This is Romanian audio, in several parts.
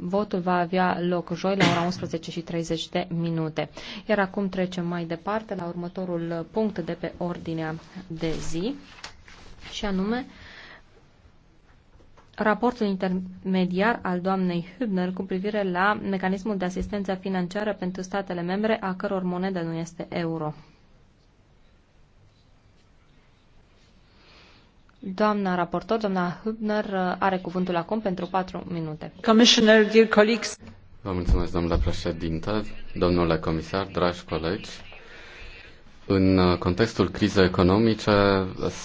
Votul va avea loc joi la ora 11 și 30 de minute. Iar acum trecem mai departe la următorul punct de pe ordinea de zi și anume raportul intermediar al doamnei Hübner cu privire la mecanismul de asistență financiară pentru statele membre a căror monedă nu este euro. Doamna raportor, doamna Hübner, uh, are cuvântul acum pentru patru minute. Commissioner, dear colleagues. Vă mulțumesc, domnule președinte, domnule comisar, dragi colegi. În uh, contextul crizei economice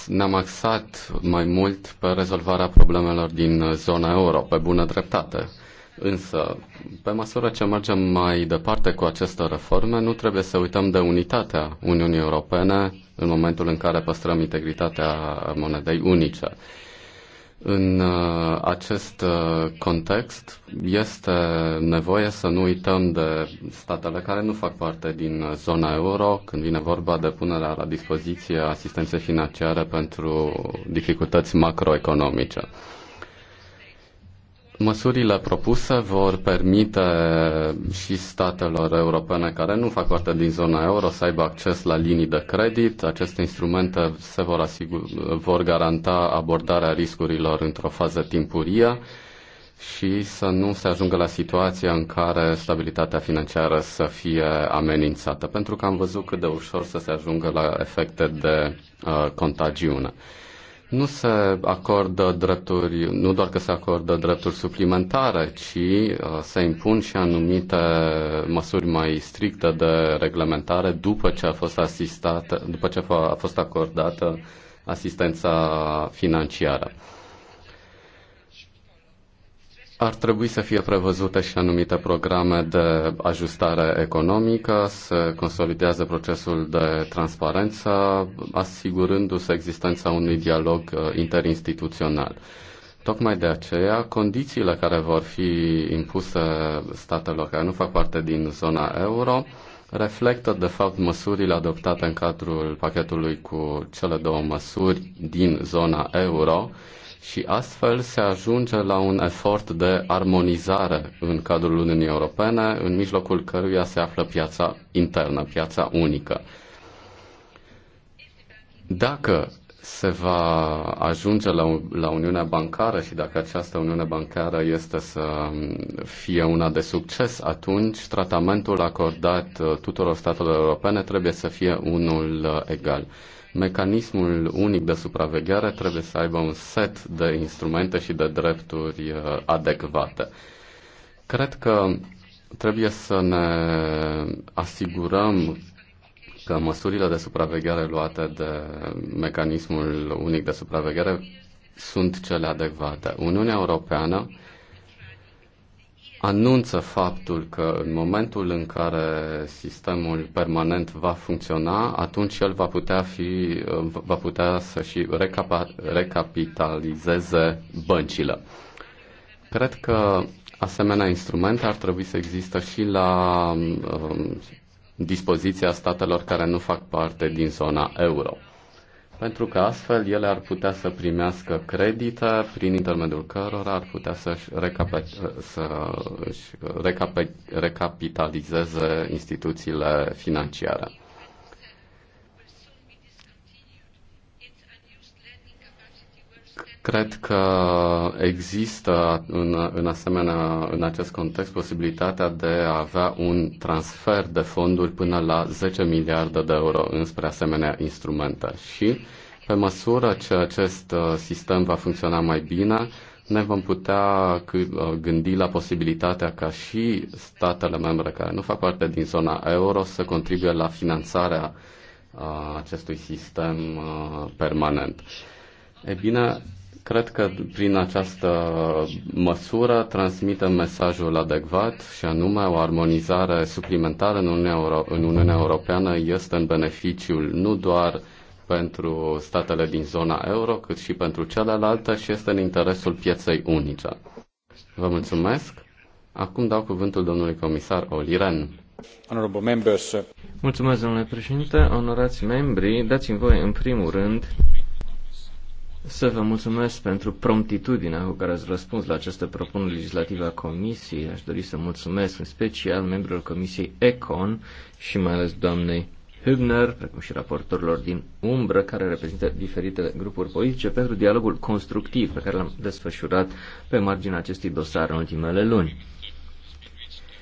ne-am axat mai mult pe rezolvarea problemelor din uh, zona euro, pe bună dreptate. Însă, pe măsură ce mergem mai departe cu aceste reforme, nu trebuie să uităm de unitatea Uniunii Europene în momentul în care păstrăm integritatea monedei unice. În uh, acest uh, context este nevoie să nu uităm de statele care nu fac parte din zona euro când vine vorba de punerea la dispoziție asistenței financiare pentru dificultăți macroeconomice. Măsurile propuse vor permite și statelor europene care nu fac parte din zona euro să aibă acces la linii de credit. Aceste instrumente se vor, asigur, vor garanta abordarea riscurilor într-o fază timpurie și să nu se ajungă la situația în care stabilitatea financiară să fie amenințată, pentru că am văzut cât de ușor să se ajungă la efecte de uh, contagiune nu se acordă drepturi, nu doar că se acordă drepturi suplimentare, ci uh, se impun și anumite măsuri mai stricte de reglementare după ce a fost asistată, după ce a fost acordată asistența financiară. Ar trebui să fie prevăzute și anumite programe de ajustare economică, să consolidează procesul de transparență, asigurându-se existența unui dialog uh, interinstituțional. Tocmai de aceea, condițiile care vor fi impuse statelor care nu fac parte din zona euro reflectă, de fapt, măsurile adoptate în cadrul pachetului cu cele două măsuri din zona euro, și astfel se ajunge la un efort de armonizare în cadrul Uniunii Europene, în mijlocul căruia se află piața internă, piața unică. Dacă se va ajunge la, la Uniunea Bancară și dacă această Uniune Bancară este să fie una de succes, atunci tratamentul acordat uh, tuturor statelor europene trebuie să fie unul uh, egal. Mecanismul unic de supraveghere trebuie să aibă un set de instrumente și de drepturi uh, adecvate. Cred că trebuie să ne asigurăm că măsurile de supraveghere luate de mecanismul unic de supraveghere sunt cele adecvate. Uniunea Europeană anunță faptul că în momentul în care sistemul permanent va funcționa, atunci el va putea, fi, va putea să și recapitalizeze băncile. Cred că asemenea instrumente ar trebui să există și la um, dispoziția statelor care nu fac parte din zona euro. Pentru că astfel ele ar putea să primească credite prin intermediul cărora ar putea să-și, recap- să recap- recapitalizeze instituțiile financiare. Cred că există în, în asemenea, în acest context, posibilitatea de a avea un transfer de fonduri până la 10 miliarde de euro înspre asemenea instrumente și pe măsură ce acest uh, sistem va funcționa mai bine, ne vom putea uh, gândi la posibilitatea ca și statele membre care nu fac parte din zona euro să contribuie la finanțarea uh, acestui sistem permanent. E bine, Cred că prin această măsură transmitem mesajul adecvat și anume o armonizare suplimentară în Uniunea, Euro- în Uniunea Europeană este în beneficiul nu doar pentru statele din zona euro, cât și pentru celelalte și este în interesul pieței unice. Vă mulțumesc. Acum dau cuvântul domnului comisar Oliren. Uh, mulțumesc, domnule președinte, onorați membri, dați-mi voie în primul rând să vă mulțumesc pentru promptitudinea cu care ați răspuns la această propunere legislativă a Comisiei. Aș dori să mulțumesc în special membrilor Comisiei ECON și mai ales doamnei Hübner, precum și raportorilor din umbră, care reprezintă diferite grupuri politice, pentru dialogul constructiv pe care l-am desfășurat pe marginea acestui dosar în ultimele luni.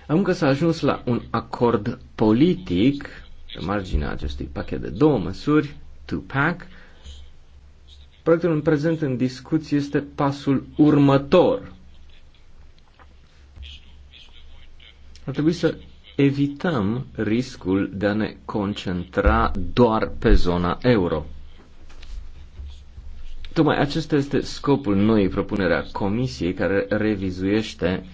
Am încă s-a ajuns la un acord politic pe marginea acestui pachet de două măsuri, two-pack, Proiectul în prezent în discuție este pasul următor. Ar trebui să evităm riscul de a ne concentra doar pe zona euro. Tocmai acesta este scopul noii propunere a Comisiei care revizuiește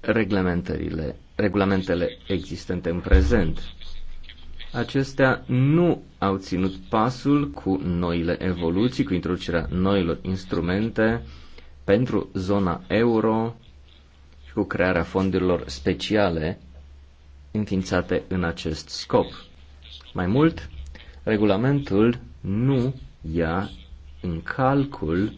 reglementările, regulamentele existente în prezent acestea nu au ținut pasul cu noile evoluții, cu introducerea noilor instrumente pentru zona euro și cu crearea fondurilor speciale înființate în acest scop. Mai mult, regulamentul nu ia în calcul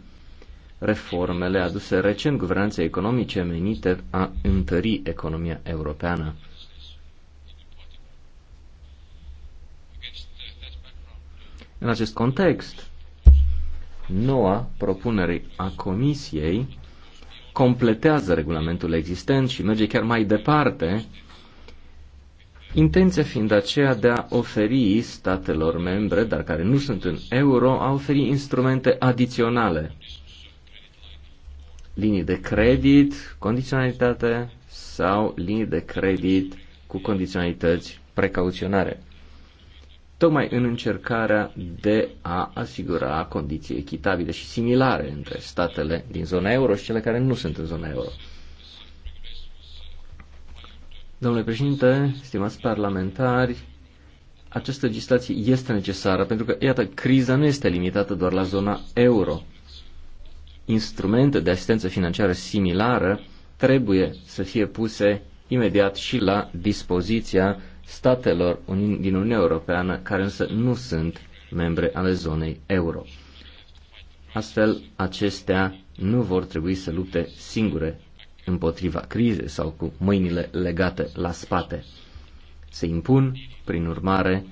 reformele aduse recent guvernanței economice menite a întări economia europeană. În acest context, noua propunere a Comisiei completează regulamentul existent și merge chiar mai departe, intenția fiind aceea de a oferi statelor membre, dar care nu sunt în euro, a oferi instrumente adiționale. Linii de credit, condiționalitate sau linii de credit cu condiționalități precauționare tocmai în încercarea de a asigura condiții echitabile și similare între statele din zona euro și cele care nu sunt în zona euro. Domnule președinte, stimați parlamentari, această legislație este necesară pentru că, iată, criza nu este limitată doar la zona euro. Instrumente de asistență financiară similară trebuie să fie puse imediat și la dispoziția statelor din Uniunea Europeană care însă nu sunt membre ale zonei euro. Astfel, acestea nu vor trebui să lupte singure împotriva crizei sau cu mâinile legate la spate. Se impun, prin urmare,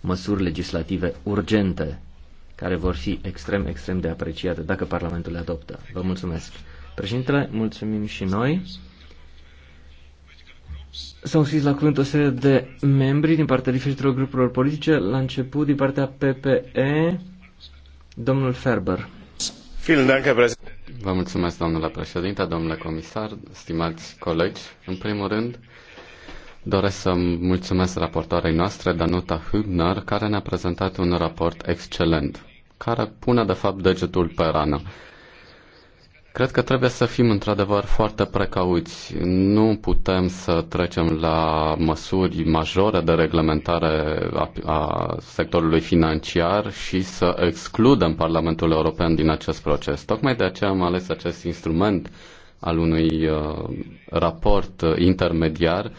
măsuri legislative urgente care vor fi extrem, extrem de apreciate dacă Parlamentul le adoptă. Vă mulțumesc. Președintele, mulțumim și noi. S-au scris la cuvânt o serie de membri din partea diferitelor grupurilor politice. La început, din partea PPE, domnul Ferber. Vă mulțumesc, domnule președinte, domnule comisar, stimați colegi. În primul rând, doresc să mulțumesc raportoarei noastre, Danuta Hübner, care ne-a prezentat un raport excelent, care pune, de fapt, degetul pe rană. Cred că trebuie să fim într-adevăr foarte precauți. Nu putem să trecem la măsuri majore de reglementare a, a sectorului financiar și să excludem Parlamentul European din acest proces. Tocmai de aceea am ales acest instrument al unui uh, raport intermediar.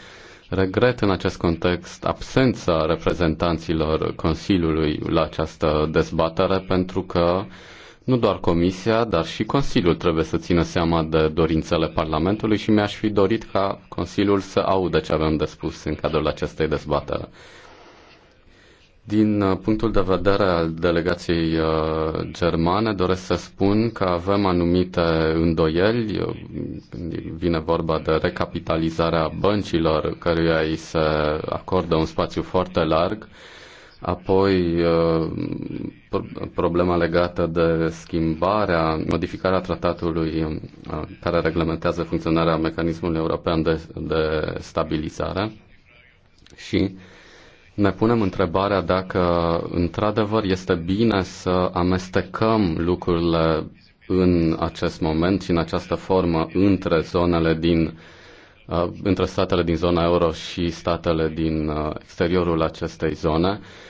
Regret în acest context absența reprezentanților Consiliului la această dezbatere pentru că uh, nu doar Comisia, dar și Consiliul trebuie să țină seama de dorințele Parlamentului și mi-aș fi dorit ca Consiliul să audă ce avem de spus în cadrul acestei dezbatere. Din uh, punctul de vedere al delegației uh, germane, doresc să spun că avem anumite îndoieli. Vine vorba de recapitalizarea băncilor, căruia îi se acordă un spațiu foarte larg. Apoi, uh, problema legată de schimbarea, modificarea tratatului uh, care reglementează funcționarea mecanismului european de, de stabilizare și ne punem întrebarea dacă într-adevăr este bine să amestecăm lucrurile în acest moment și în această formă între zonele din uh, între statele din zona euro și statele din uh, exteriorul acestei zone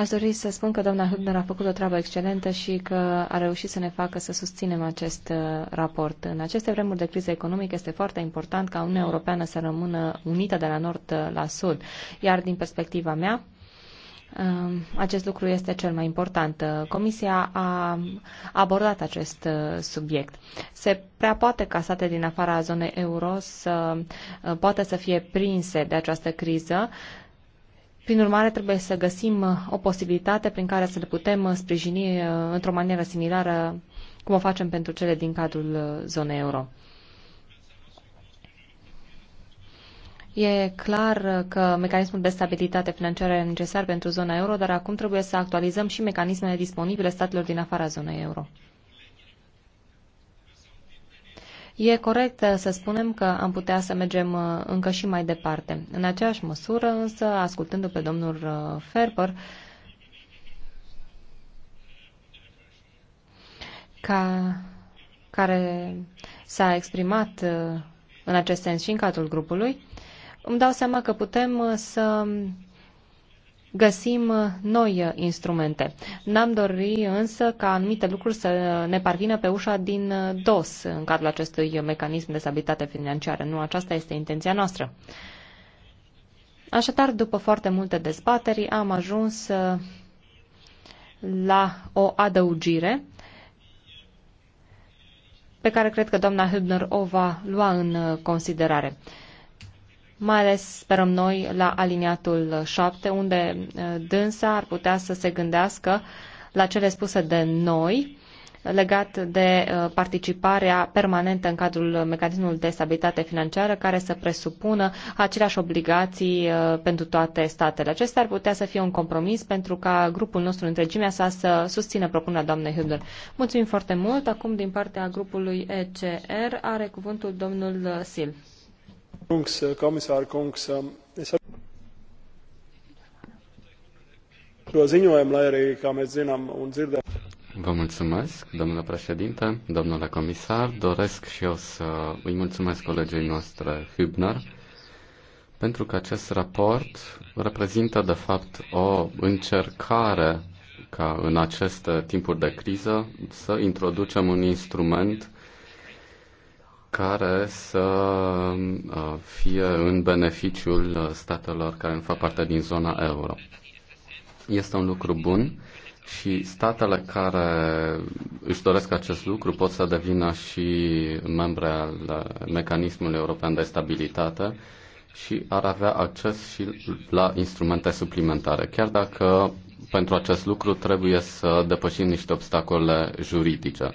Aș dori să spun că doamna Hübner a făcut o treabă excelentă și că a reușit să ne facă să susținem acest uh, raport. În aceste vremuri de criză economică este foarte important ca Uniunea Europeană să rămână unită de la nord uh, la sud. Iar din perspectiva mea, um, acest lucru este cel mai important. Uh, Comisia a abordat acest subiect. Se prea poate ca state din afara zonei euro să poată să fie prinse de această criză prin urmare, trebuie să găsim uh, o posibilitate prin care să le putem uh, sprijini uh, într-o manieră similară cum o facem pentru cele din cadrul zonei euro. E clar că mecanismul de stabilitate financiară e necesar pentru zona euro, dar acum trebuie să actualizăm și mecanismele disponibile statelor din afara zonei euro. E corect uh, să spunem că am putea să mergem uh, încă și mai departe. În aceeași măsură, însă, ascultându pe domnul uh, Ferber, ca, care s-a exprimat în acest sens și în cadrul grupului, îmi dau seama că putem să găsim uh, noi uh, instrumente. N-am dori însă ca anumite lucruri să ne parvină pe ușa din uh, dos în cadrul acestui mecanism de stabilitate financiară. Nu aceasta este intenția noastră. Așadar, după foarte multe dezbateri, am ajuns la o adăugire pe care cred că doamna Hübner o va lua în considerare mai ales sperăm noi la aliniatul 7, unde eh, dânsa ar putea să se gândească la cele spuse de noi legat de eh, participarea permanentă în cadrul mecanismului de stabilitate financiară care să presupună aceleași obligații eh, pentru toate statele. Acesta ar putea să fie un compromis pentru ca grupul nostru întregimea sa să susțină propunerea doamnei Hübner. Mulțumim foarte mult. Acum din partea grupului ECR are cuvântul domnul Sil. Äh, ähm, Vă mulțumesc, domnule președinte, domnule comisar. Doresc și eu să îi mulțumesc colegii noastre Hübner pentru că acest raport reprezintă, de fapt, o încercare ca în aceste timpuri de criză să introducem un instrument care să uh, fie în beneficiul uh, statelor care nu fac parte din zona euro. Este un lucru bun și statele care își doresc acest lucru pot să devină și membre al mecanismului european de stabilitate și ar avea acces și la instrumente suplimentare, chiar dacă pentru acest lucru trebuie să depășim niște obstacole juridice.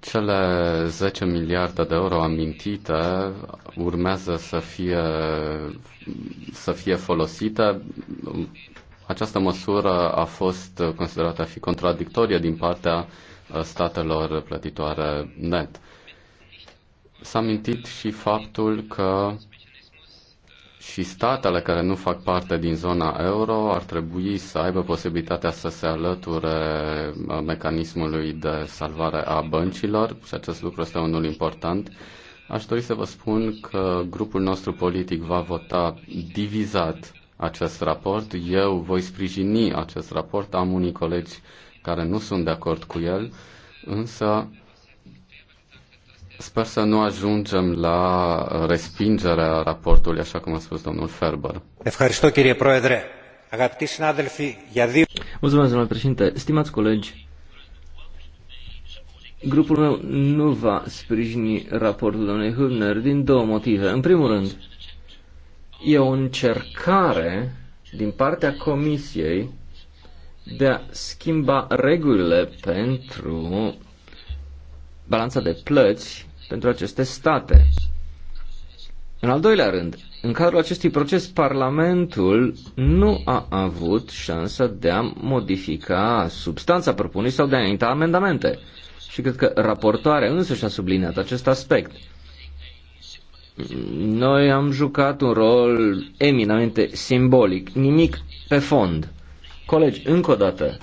Cele 10 miliarde de euro amintite urmează să fie, să fie folosite. Această măsură a fost considerată a fi contradictorie din partea statelor plătitoare net. S-a mintit și faptul că și statele care nu fac parte din zona euro ar trebui să aibă posibilitatea să se alăture uh, mecanismului de salvare a băncilor și acest lucru este unul important. Aș dori să vă spun că grupul nostru politic va vota divizat acest raport. Eu voi sprijini acest raport, am unii colegi care nu sunt de acord cu el, însă Sper să nu ajungem la uh, respingerea raportului, așa cum a spus domnul Ferber. Mulțumesc, domnule președinte. Stimați colegi, grupul meu nu va sprijini raportul domnului Hübner din două motive. În primul rând, e o încercare din partea Comisiei de a schimba regulile pentru balanța de plăți pentru aceste state. În al doilea rând, în cadrul acestui proces, Parlamentul nu a avut șansa de a modifica substanța propunerii sau de a înainta amendamente. Și cred că raportoarea și a subliniat acest aspect. Noi am jucat un rol eminamente simbolic, nimic pe fond. Colegi, încă o dată,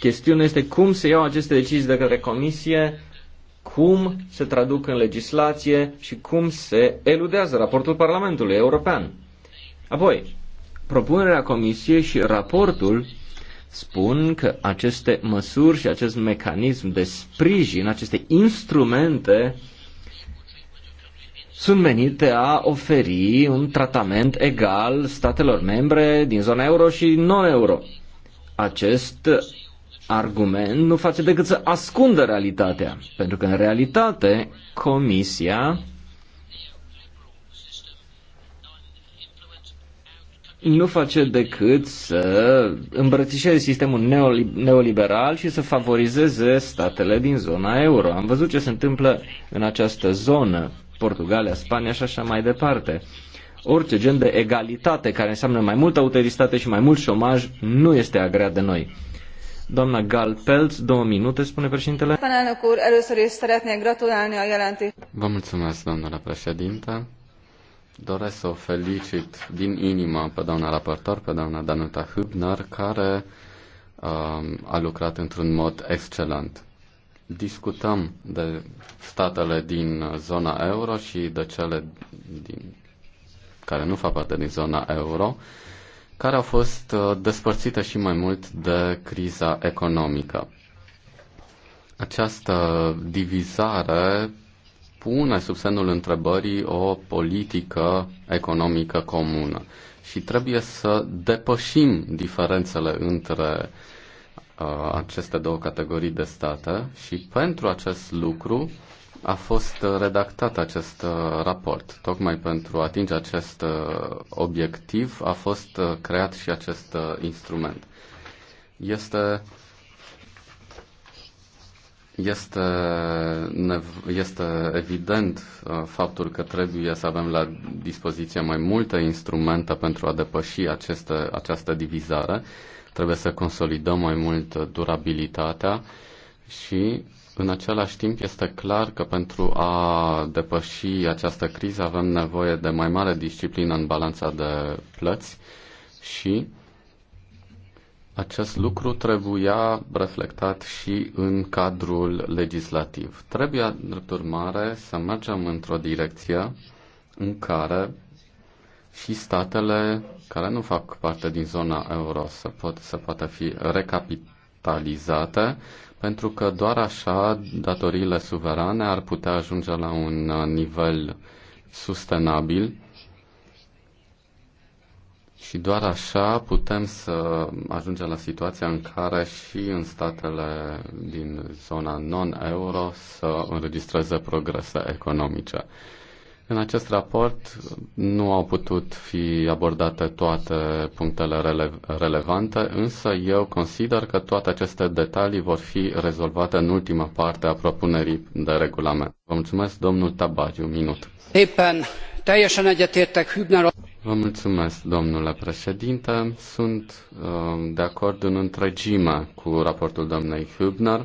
chestiunea este cum se iau aceste decizii de către Comisie cum se traduc în legislație și cum se eludează raportul Parlamentului European. Apoi, propunerea Comisiei și raportul spun că aceste măsuri și acest mecanism de sprijin, aceste instrumente sunt menite a oferi un tratament egal statelor membre din zona euro și non-euro. Acest argument nu face decât să ascundă realitatea, pentru că în realitate Comisia nu face decât să îmbrățișeze sistemul neoliberal și să favorizeze statele din zona euro. Am văzut ce se întâmplă în această zonă, Portugalia, Spania și așa mai departe. Orice gen de egalitate care înseamnă mai multă autoritate și mai mult șomaj nu este agreat de noi. Doamna Gal Peltz, două minute, spune președintele. Vă mulțumesc, doamna președinte. Doresc să o felicit din inimă pe doamna raportor, pe doamna Danuta Hübner, care uh, a lucrat într-un mod excelent. Discutăm de statele din zona euro și de cele din, care nu fac parte din zona euro. Uh, care a fost uh, despărțită și mai mult de criza economică. Această divizare pune sub semnul întrebării o politică economică comună și trebuie să depășim diferențele între uh, aceste două categorii de state și pentru acest lucru a fost uh, redactat acest uh, raport. Tocmai pentru a atinge acest uh, obiectiv a fost creat și acest instrument. Este este, este evident faptul că trebuie să avem la dispoziție mai multe instrumente pentru a depăși aceste, această divizare. Trebuie să consolidăm mai mult durabilitatea și în același timp este clar că pentru a depăși această criză avem nevoie de mai mare disciplină în balanța de plăți și acest lucru trebuia reflectat și în cadrul legislativ. Trebuie, drept urmare, să mergem într-o direcție în care și statele care nu fac parte din zona euro să, pot, să poată fi recapitalizate pentru că doar așa datoriile suverane ar putea ajunge la un uh, nivel sustenabil și doar așa putem să ajungem la situația în care și în statele din zona non-euro să înregistreze progrese economice. În acest raport nu au putut fi abordate toate punctele rele- relevante, însă eu consider că toate aceste detalii vor fi rezolvate în ultima parte a propunerii de regulament. Vă mulțumesc, domnul Tabagi, un minut. Éppen teljesen egyetértek Hübner. Vă mulțumesc, domnule președinte. Sunt uh, de acord în întregime cu raportul domnului Hübner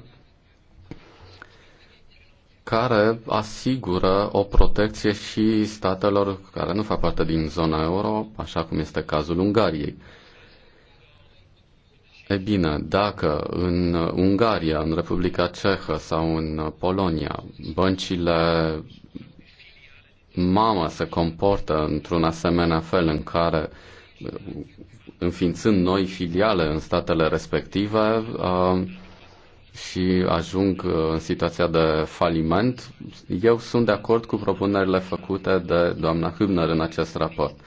care asigură o protecție și statelor care nu fac parte din zona euro, așa cum este cazul Ungariei. E bine, dacă în Ungaria, în Republica Cehă sau în Polonia băncile mamă se comportă într-un asemenea fel în care înființând noi filiale în statele respective, uh, și ajung uh, în situația de faliment, eu sunt de acord cu propunerile făcute de doamna Hübner în acest raport.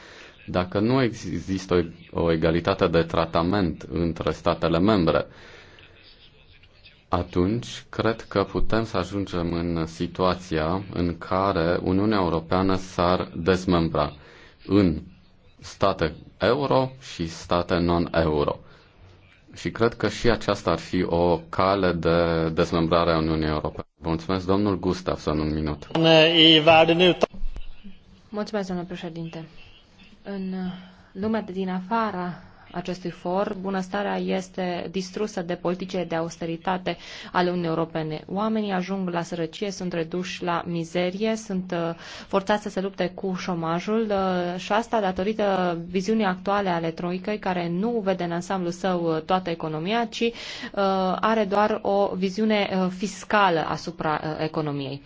Dacă nu există o egalitate de tratament între statele membre, atunci cred că putem să ajungem în situația în care Uniunea Europeană s-ar dezmembra în state euro și state non-euro. Și cred că și aceasta ar fi o cale de dezmembrare a Uniunii Europene. Vă mulțumesc, domnul Gustav, să un minut. Mulțumesc, domnule președinte. În lumea de din afara acestui for, bunăstarea este distrusă de politicile de austeritate ale Uniunii Europene. Oamenii ajung la sărăcie, sunt reduși la mizerie, sunt uh, forțați să se lupte cu șomajul uh, și asta datorită viziunii actuale ale Troicăi, care nu vede în ansamblu său uh, toată economia, ci are doar o viziune fiscală asupra economiei.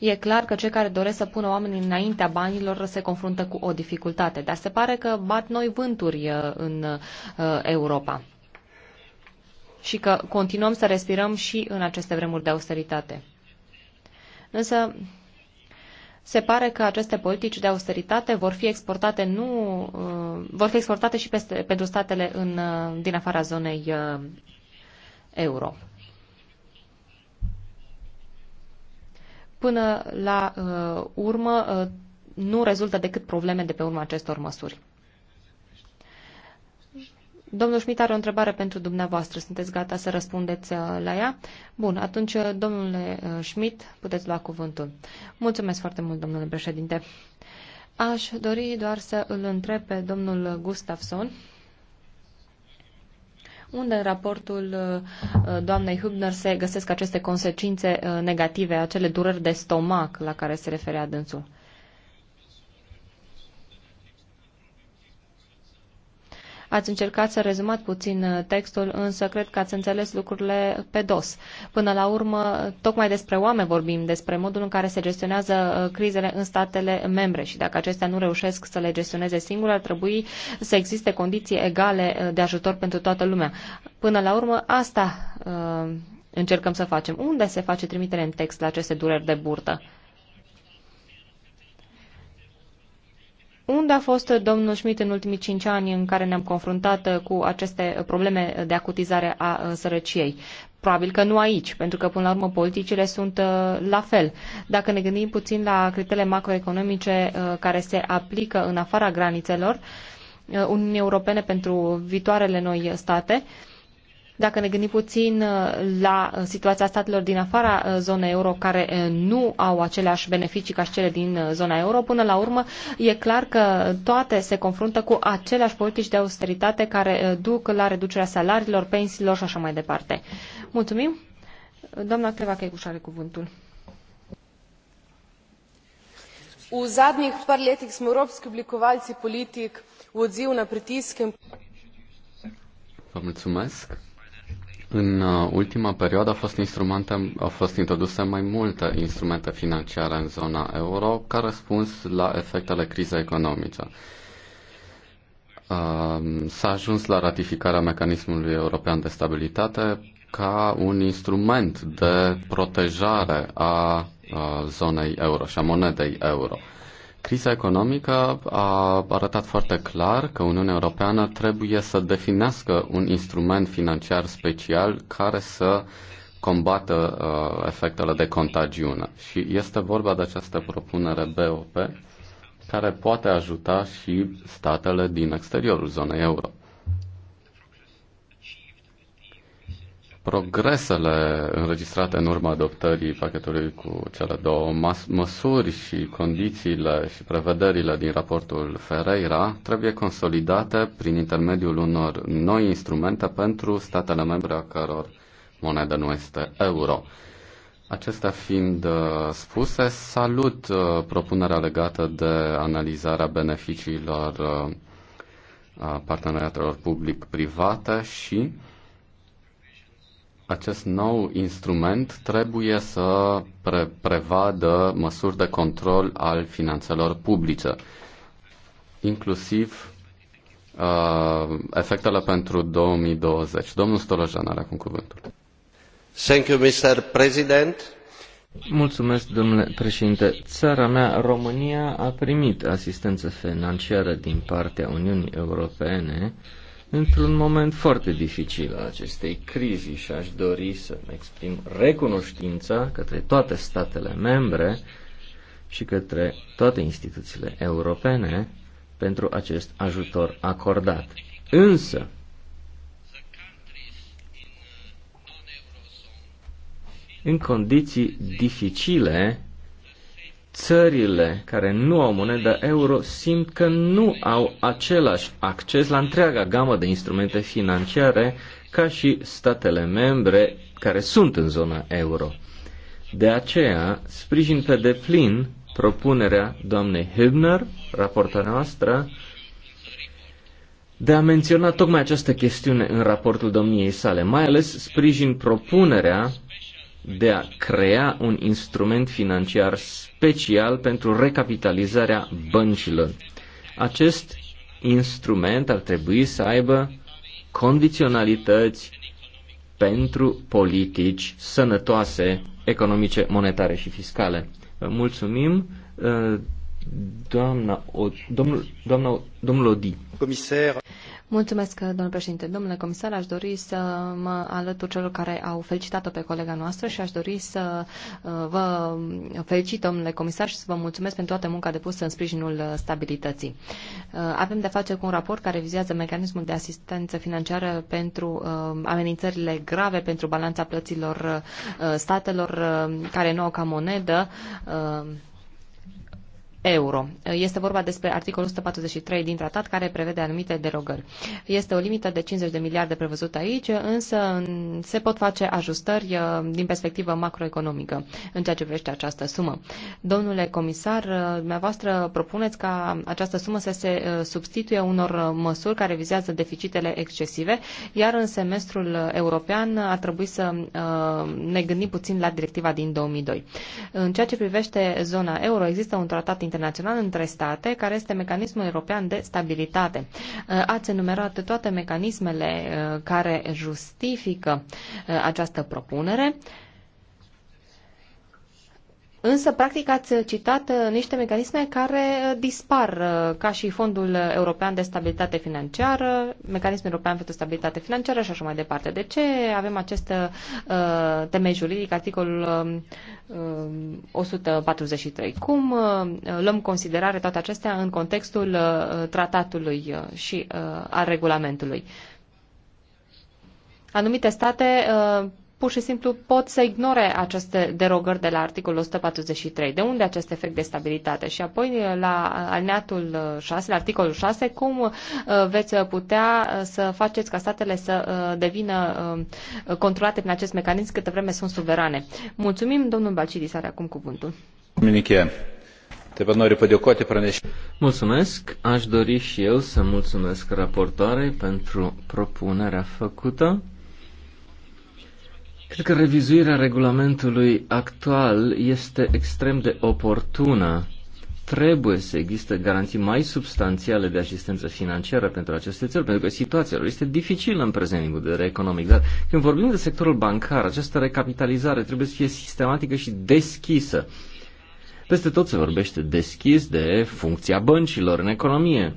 E clar că cei care doresc să pună oamenii înaintea banilor se confruntă cu o dificultate, dar se pare că bat noi vânturi uh, în uh, Europa și că continuăm să respirăm și în aceste vremuri de austeritate. Însă, se pare că aceste politici de austeritate vor fi exportate nu uh, vor fi exportate și peste, pentru statele în, din afara zonei euro. Până la uh, urmă, uh, nu rezultă decât probleme de pe urma acestor măsuri. Domnul Schmidt are o întrebare pentru dumneavoastră. Sunteți gata să răspundeți uh, la ea? Bun, atunci, uh, domnule uh, Schmidt, puteți lua cuvântul. Mulțumesc foarte mult, domnule președinte. Aș dori doar să îl întreb pe domnul Gustafson unde în raportul uh, uh, doamnei Hübner se găsesc aceste consecințe uh, negative, acele dureri de stomac la care se referea dânsul. Ați încercat să rezumați puțin uh, textul, însă cred că ați înțeles lucrurile pe dos. Până la urmă, tocmai despre oameni vorbim, despre modul în care se gestionează uh, crizele în statele membre și dacă acestea nu reușesc să le gestioneze singur, ar trebui să existe condiții egale uh, de ajutor pentru toată lumea. Până la urmă, asta încercăm să facem. Unde se face trimitere în text la aceste dureri de burtă? Unde a fost domnul Schmidt în ultimii cinci ani în care ne-am confruntat uh, cu aceste uh, probleme de acutizare a uh, sărăciei? Probabil că nu aici, pentru că până la urmă politicile sunt la fel. Dacă ne gândim puțin la criteriile macroeconomice care se aplică în afara granițelor Uniunii Europene pentru viitoarele noi state, dacă ne gândim puțin uh, la uh, situația statelor din afara uh, zonei euro care nu au aceleași beneficii ca și cele din zona euro, până la urmă e clar că toate se confruntă cu aceleași politici de austeritate care duc la reducerea salariilor, pensiilor și așa mai departe. Mulțumim. Doamna Creva Checuș are cuvântul. U zadnjih par letih smo europski oblikovalci politik u odzivu na pritiske. Vam mulțumesc. În uh, ultima perioadă au fost, instrumente, au fost introduse mai multe instrumente financiare în zona euro ca răspuns la efectele crizei economice. Uh, s-a ajuns la ratificarea mecanismului european de stabilitate ca un instrument de protejare a uh, zonei euro și a monedei euro. Criza economică a arătat foarte clar că Uniunea Europeană trebuie să definească un instrument financiar special care să combată uh, efectele de contagiune. Și este vorba de această propunere BOP care poate ajuta și statele din exteriorul zonei euro. progresele înregistrate în urma adoptării pachetului cu cele două măsuri și condițiile și prevederile din raportul Ferreira trebuie consolidate prin intermediul unor noi instrumente pentru statele membre a căror monedă nu este euro. Acestea fiind uh, spuse, salut uh, propunerea legată de analizarea beneficiilor uh, parteneriatelor public-private și acest nou instrument trebuie să pre- prevadă măsuri de control al finanțelor publice, inclusiv uh, efectele pentru 2020. Domnul Stolojan are acum cuvântul. Thank you, Mr. President. Mulțumesc, domnule președinte. Țara mea, România, a primit asistență financiară din partea Uniunii Europene uh, într-un moment foarte dificil al acestei crizi și aș dori să mi exprim recunoștința către toate statele membre și către toate instituțiile europene pentru acest ajutor acordat. Însă, în condiții dificile, țările care nu au monedă euro simt că nu au același acces la întreaga gamă de instrumente financiare ca și statele membre care sunt în zona euro. De aceea, sprijin pe deplin propunerea doamnei Hübner, raportarea noastră, de a menționa tocmai această chestiune în raportul domniei sale, mai ales sprijin propunerea de a crea un instrument financiar special pentru recapitalizarea băncilor. Acest instrument ar trebui să aibă condiționalități pentru politici sănătoase, economice, monetare și fiscale. mulțumim, uh, doamna, o, domnul, doamna, domnul Odi. Comisar. Mulțumesc, domnule președinte. Domnule comisar, aș dori să mă alătur celor care au felicitat-o pe colega noastră și aș dori să uh, vă felicit, domnule comisar, și să vă mulțumesc pentru toată munca depusă în sprijinul stabilității. Uh, avem de face cu un raport care vizează mecanismul de asistență financiară pentru uh, amenințările grave pentru balanța plăților statelor care nu au ca monedă euro. Este vorba despre articolul 143 din tratat care prevede anumite derogări. Este o limită de 50 de miliarde prevăzută aici, însă se pot face ajustări uh, din perspectivă macroeconomică în ceea ce privește această sumă. Domnule comisar, uh, dumneavoastră propuneți ca această sumă să se uh, substituie unor măsuri care vizează deficitele excesive, iar în semestrul european ar trebui să ne gândim puțin la directiva din 2002. În ceea ce privește zona euro, există un tratat internațional internațional între state, care este mecanismul european de stabilitate. Uh, ați enumerat toate mecanismele uh, care justifică uh, această propunere. Însă, practic, ați citat uh, niște mecanisme care uh, dispar, uh, ca și Fondul European de Stabilitate Financiară, Mecanismul European pentru Stabilitate Financiară și așa mai departe. De ce avem acest uh, temei juridic, articolul uh, um, 143? Um, Cum uh, luăm considerare toate acestea în contextul uh, tratatului și uh, al regulamentului? Anumite state uh, pur și simplu pot să ignore aceste derogări de la articolul 143. De unde acest efect de stabilitate? Și apoi la alineatul 6, la articolul 6, cum uh, veți putea uh, să faceți ca statele să uh, devină controlate prin acest mecanism câtă vreme sunt suverane? Mulțumim, domnul Balcidis are acum cuvântul. Minichie. Te pat noriu padėkoti pranešimui. Mulțumesc. Aș dori și eu să mulțumesc raportoarei pentru propunerea făcută. Cred că revizuirea regulamentului actual este extrem de oportună. Trebuie să există garanții mai substanțiale de asistență financiară pentru aceste țări, pentru că situația lor este dificilă în prezent din vedere economic. Dar când vorbim de sectorul bancar, această recapitalizare trebuie să fie sistematică și deschisă. Peste tot se vorbește deschis de funcția băncilor în economie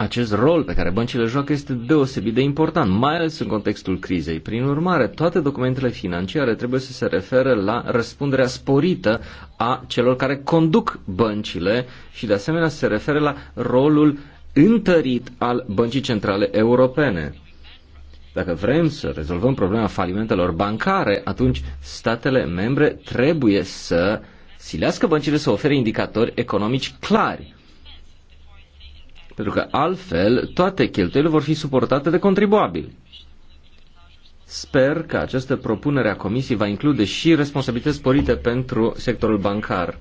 acest rol pe care băncile joacă este deosebit de important, mai ales în contextul crizei. Prin urmare, toate documentele financiare trebuie să se referă la răspunderea sporită a celor care conduc băncile și, de asemenea, se referă la rolul întărit al Băncii Centrale Europene. Dacă vrem să rezolvăm problema falimentelor bancare, atunci statele membre trebuie să silească băncile să ofere indicatori economici clari pentru că altfel toate cheltuielile vor fi suportate de contribuabili. Sper că această propunere a Comisiei va include și responsabilități sporite pentru sectorul bancar.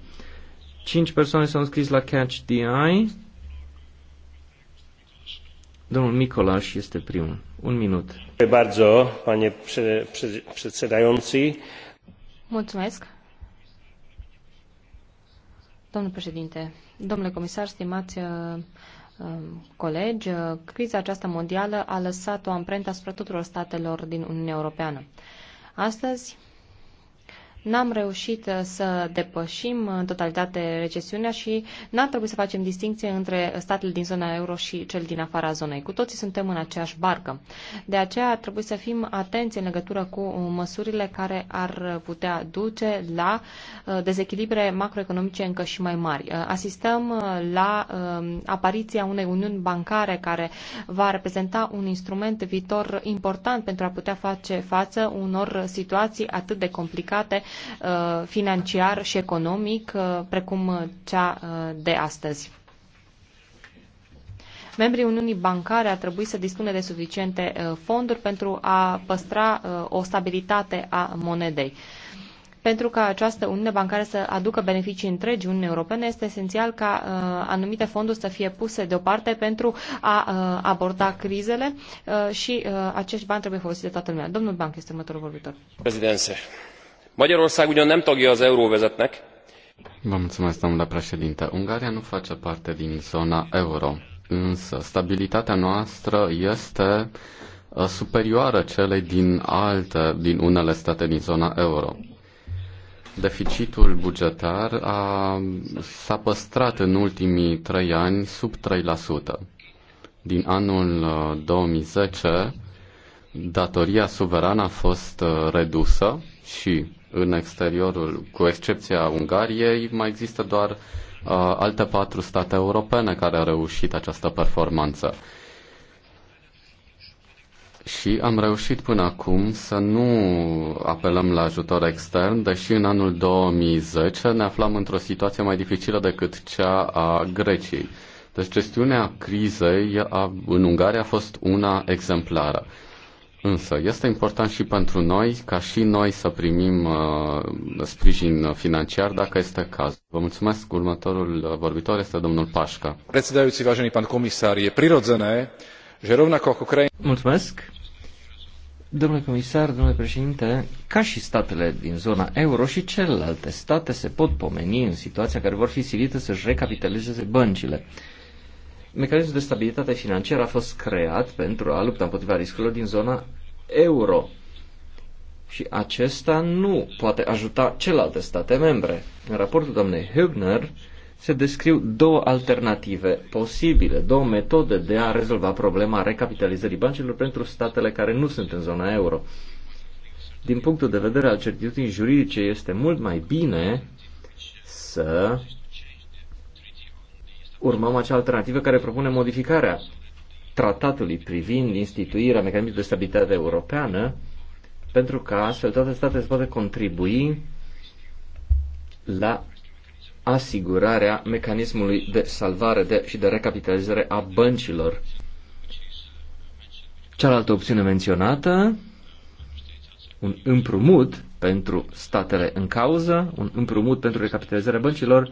Cinci persoane s-au înscris la Catch the Eye. Domnul Micolaș este primul. Un minut. Mulțumesc. Domnul președinte, domnule comisar, stimați Um, colegi, uh, criza aceasta mondială a lăsat o amprentă asupra tuturor statelor din Uniunea Europeană. Astăzi, n-am reușit uh, să depășim uh, în totalitate recesiunea și n-ar trebui să facem distinție între statele din zona euro și cel din afara zonei. Cu toții suntem în aceeași barcă. De aceea ar trebui să fim atenți în legătură cu uh, măsurile care ar putea duce la dezechilibre macroeconomice încă și mai mari. Asistăm la apariția unei uniuni bancare care va reprezenta un instrument viitor important pentru a putea face față unor situații atât de complicate Uh, financiar și economic, uh, precum uh, cea de astăzi. Membrii Uniunii Bancare ar trebui să dispună de suficiente fonduri pentru a păstra o stabilitate a monedei. Pentru ca această uniune bancară să aducă beneficii întregi Uniunii Europene, este esențial ca uh, anumite fonduri să fie puse deoparte pentru a uh, aborda crizele uh, și uh, acești bani trebuie folosiți de toată lumea. Domnul Banc este următorul vorbitor. Prezidențe magyarország ugyan nem tagja az euróövezetnek Vă mulțumesc, domnule președinte. Ungaria nu face parte din zona euro, însă stabilitatea noastră este uh, superioară celei din alte, din unele state din zona euro. Deficitul bugetar a, s-a păstrat în ultimii trei ani sub 3%. Din anul 2010, uh, datoria suverană a fost uh, redusă și în exteriorul, cu excepția Ungariei, mai există doar uh, alte patru state europene care au reușit această performanță. Și am reușit până acum să nu apelăm la ajutor extern, deși în anul 2010 ne aflam într-o situație mai dificilă decât cea a Greciei. Deci gestiunea crizei a, în Ungaria a fost una exemplară. Însă este important și pentru noi ca și noi să primim uh, sprijin financiar dacă este caz. Vă mulțumesc. Următorul uh, vorbitor este domnul Pașca. Predsedajúci, vážený pán komisár, je prirodzené, že rovnako ako krajina... Mulțumesc. Domnule comisar, domnule președinte, ca și statele din zona euro și celelalte state se pot pomeni în situația care vor fi silite să-și recapitalizeze băncile. Uh, mecanismul de stabilitate financiară a fost creat pentru a lupta împotriva riscurilor din zona euro. Și acesta nu poate ajuta celelalte state membre. În raportul doamnei Hübner se descriu două alternative posibile, două metode de a rezolva problema recapitalizării bancilor pentru statele care nu sunt în zona euro. Din punctul de vedere al certitudinii juridice, este mult mai bine să urmăm acea alternativă care propune modificarea tratatului privind instituirea mecanismului de stabilitate europeană, pentru ca astfel toate statele să poată contribui la asigurarea mecanismului de salvare de, și de recapitalizare a băncilor. Cealaltă opțiune menționată, un împrumut pentru statele în cauză, un împrumut pentru recapitalizarea băncilor,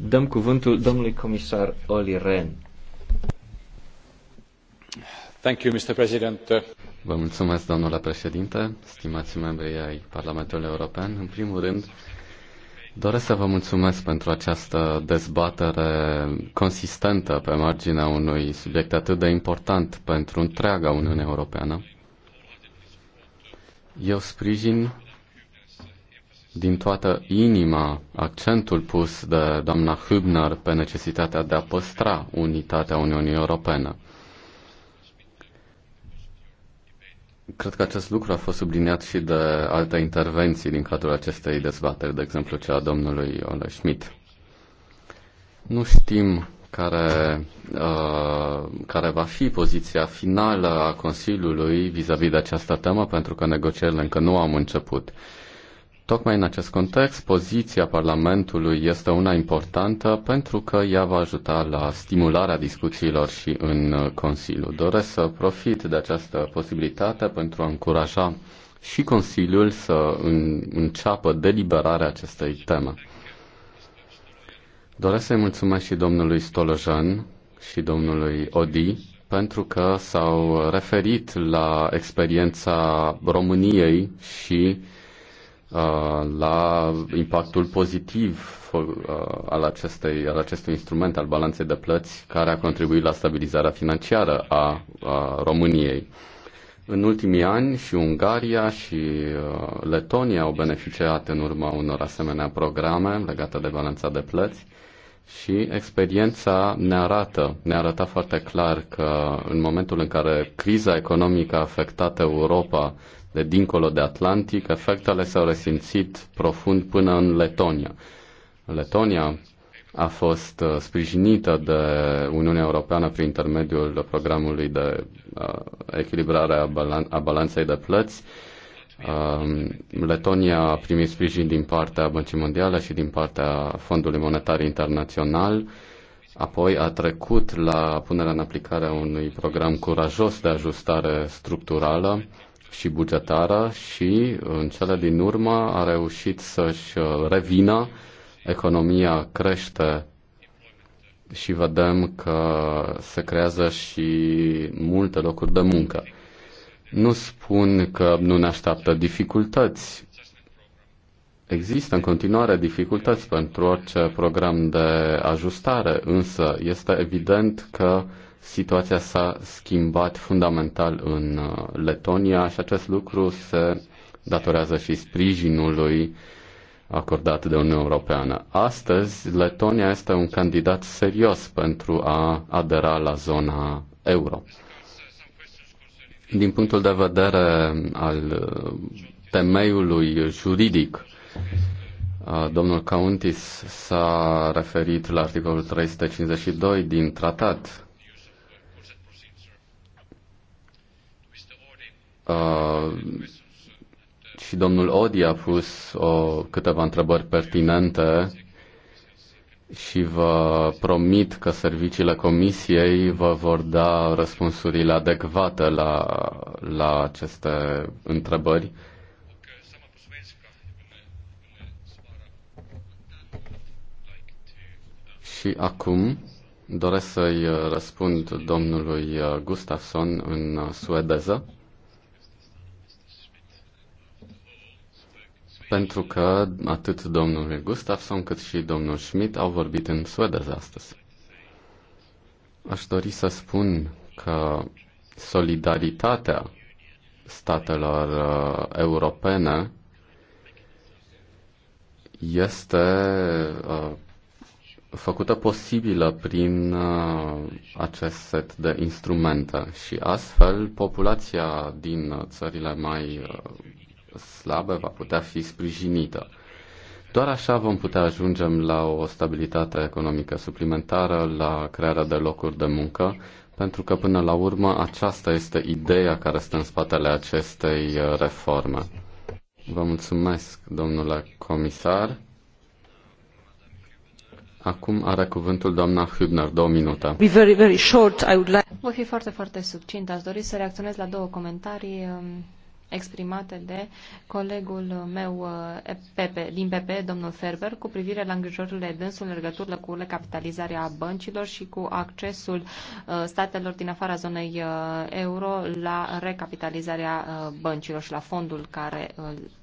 dăm cuvântul domnului comisar Olli Rehn. Thank you, Mr. President. Vă mulțumesc, domnule președinte, stimați membri ai Parlamentului European. În primul rând, doresc să vă mulțumesc pentru această dezbatere consistentă pe marginea unui subiect atât de important pentru întreaga Uniune Europeană. Eu sprijin din toată inima accentul pus de doamna Hübner pe necesitatea de a păstra unitatea Uniunii Europene. Cred că acest lucru a fost subliniat și de alte intervenții din cadrul acestei dezbateri, de exemplu cea a domnului Ole Schmidt. Nu știm care, uh, care va fi poziția finală a Consiliului vis-a-vis -vis de această temă, pentru că negocierile încă nu au început. Uh, Tocmai în acest context, poziția Parlamentului este una importantă pentru că ea va ajuta la stimularea discuțiilor și în Consiliu. Doresc să profit de această posibilitate pentru a încuraja și Consiliul să înceapă deliberarea acestei teme. Doresc să-i mulțumesc și domnului Stolojan și domnului Odi pentru că s-au referit la experiența României și Uh, la impactul pozitiv uh, al, acestei, al acestui instrument al balanței de plăți care a contribuit la stabilizarea financiară a, a României. În ultimii ani și Ungaria și uh, Letonia au beneficiat în urma unor asemenea programe legate de balanța de plăți și experiența ne arată, ne arăta foarte clar că în momentul în care criza economică a afectat Europa de dincolo de Atlantic, efectele s-au resimțit profund până în Letonia. Letonia a fost uh, sprijinită de Uniunea Europeană prin intermediul programului de uh, echilibrare a, balan- a balanței de plăți. Um, Letonia a primit sprijin din partea Băncii Mondiale și din partea Fondului Monetar Internațional. Apoi a trecut la punerea în aplicare a unui program curajos de ajustare structurală și bugetară și în cele din urmă a reușit să-și uh, revină. Economia crește și vedem că se creează și multe locuri de muncă. Nu spun că nu ne așteaptă dificultăți. Există în continuare dificultăți pentru orice program de ajustare, însă este evident că uh, situația s-a schimbat fundamental în uh, Letonia și acest lucru se datorează și sprijinului acordat de Uniunea Europeană. Astăzi, Letonia este un candidat serios pentru a adera la zona euro. Din punctul de vedere al uh, temeiului juridic, uh, domnul Countis s-a referit la articolul 352 din tratat Uh, și domnul Odi a pus o, uh, câteva întrebări pertinente și vă promit că serviciile comisiei vă vor da răspunsurile adecvate la, la aceste întrebări. Și acum doresc să-i răspund domnului Gustafsson în suedeză. pentru că atât domnul Gustafsson cât și domnul Schmidt au vorbit în suedez astăzi. Aș dori să spun că solidaritatea statelor uh, europene este uh, făcută posibilă prin uh, acest set de instrumente și astfel populația din țările mai uh, slabă va putea fi sprijinită. Doar așa vom putea ajunge la o stabilitate economică suplimentară, la crearea de locuri de muncă, pentru că până la urmă aceasta este ideea care stă în spatele acestei uh, reforme. Vă mulțumesc, domnule comisar. Acum are cuvântul doamna Hübner, două minute. Be very, very short. I would like... Voi fi foarte, foarte succint. Aș dori să reacționez la două comentarii um, exprimate de colegul meu uh, Pepe, din PP, domnul Ferber, cu privire la îngrijorările dânsului în legătură cu recapitalizarea băncilor și cu accesul uh, statelor din afara zonei uh, euro la recapitalizarea băncilor și la fondul care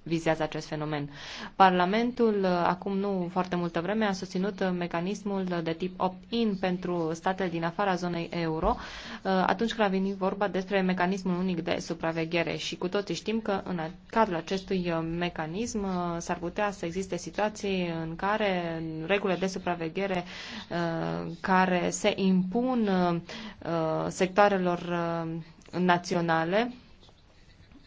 vizează acest fenomen. Parlamentul, acum nu foarte multă vreme, a susținut mecanismul de tip opt-in pentru statele din afara zonei euro atunci când a venit vorba despre mecanismul unic de supraveghere și cu toții știm că în cadrul acestui uh, mecanism uh, s-ar putea să existe situații în care regulile de supraveghere uh, care se impun sectoarelor naționale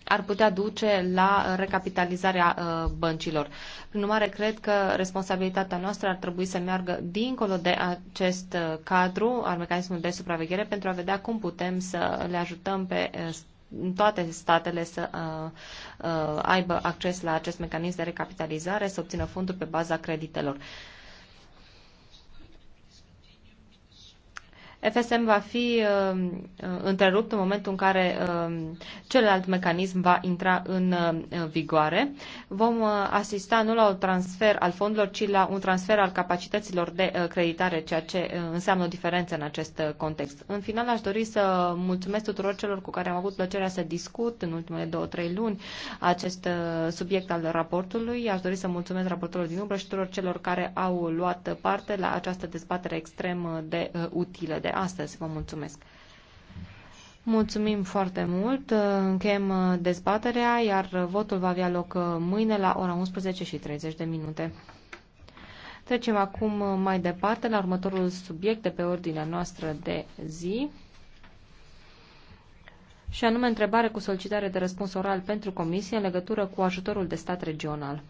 ar putea duce la recapitalizarea băncilor. Prin urmare, cred că responsabilitatea noastră ar trebui să meargă dincolo de acest cadru al mecanismului de supraveghere pentru a vedea cum putem să le ajutăm pe în toate statele să uh, uh, aibă acces la acest mecanism de recapitalizare, să obțină fonduri pe baza creditelor. Uh, FSM va fi um, uh, întrerupt în momentul în care uh, celălalt mecanism va intra în uh, vigoare. Vom uh, asista nu la un transfer al fondurilor, ci la un transfer al capacităților de uh, creditare, ceea ce uh, înseamnă o diferență în acest uh, context. În final, aș dori să mulțumesc tuturor celor cu care am avut plăcerea să discut în ultimele două-trei luni acest uh, subiect al raportului. Aș dori să mulțumesc raportorilor din umbră și tuturor celor care au luat parte la această dezbatere extrem uh, de uh, utilă. De de astăzi. Vă mulțumesc! Mulțumim foarte mult. Încheiem uh, dezbaterea, iar votul va avea loc uh, mâine la ora 11 și 30 de minute. Trecem acum uh, mai departe la următorul subiect de pe ordinea noastră de zi și anume întrebare cu solicitare de răspuns oral pentru Comisie în legătură cu ajutorul de stat regional.